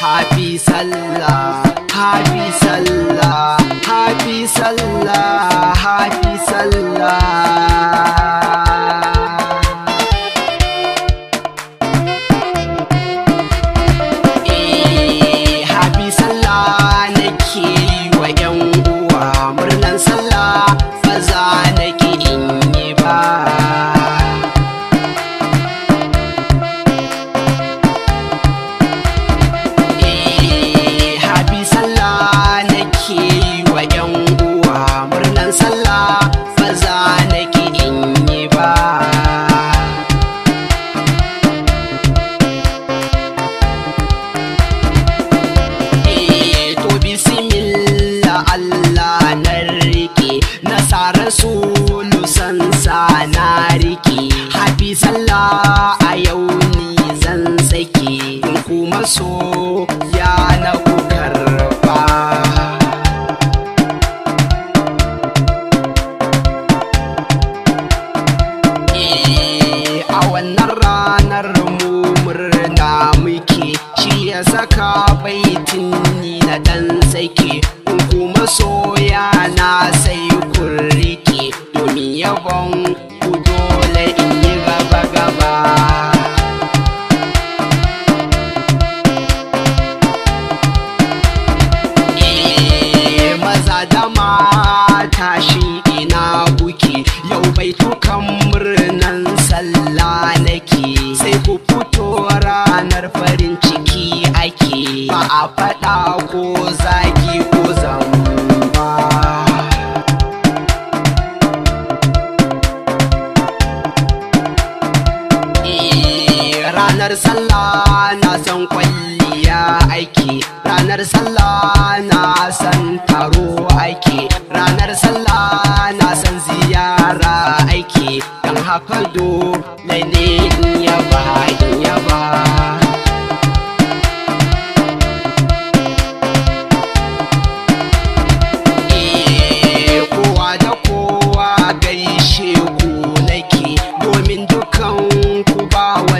happy sallah happy sallah happy sallah happy sallah rasulu san na riki hafi sallah a yau ni zan sake kuma so murna muke shi ya saka baitin ni na dan sake kuma soya na sai kun rike domin yabon a faɗa ko zaki ko zamba eh, ranar sallah na san kwalliya aiki ranar sallah na san taro aiki ranar sallah na san ziyara aiki don haka do ne in yaba in yaba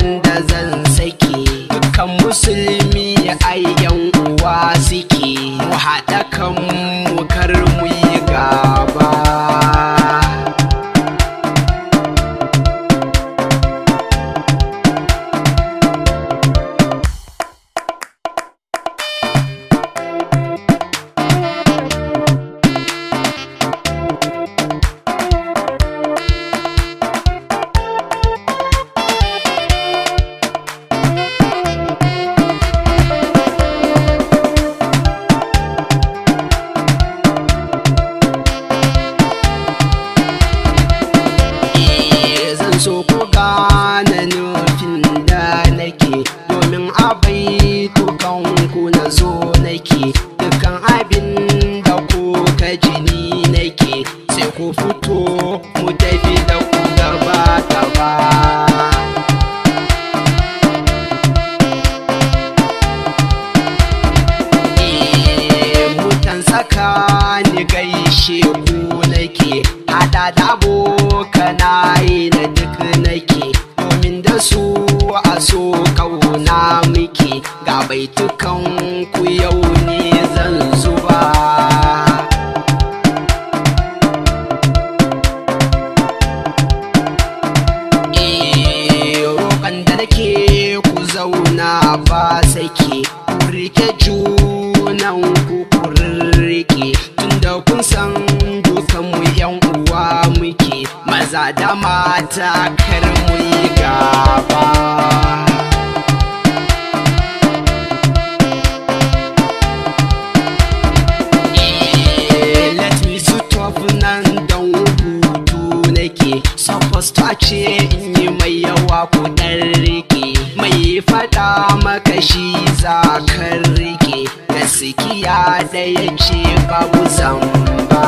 wanda zan sake dukkan musulmi izini nake sai ku fito mu tafi da ku ba. E eh, mutan saka ni gaishe ku nake hada da abokana na duk nake domin da su a so kauna muke ga baitukan ku yau so tunda kun san dukan mu yan uwa muke maza da mata kar mu yi gaba eh, Tabbas ce in yi mai yawa ku ɗan riƙe mai faɗa makashi ɗayan shi babu zamba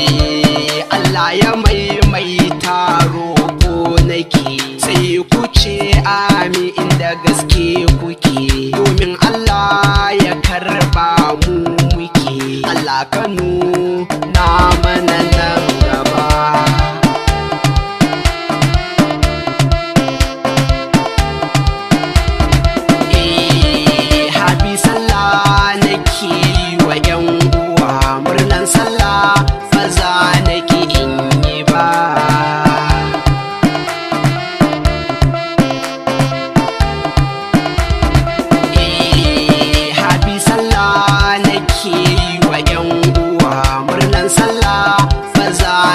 eh, Allah ya mai mai taro ko sai ku ce ami inda gaske kuke domin Allah ya karba mu muke Allah Kano faza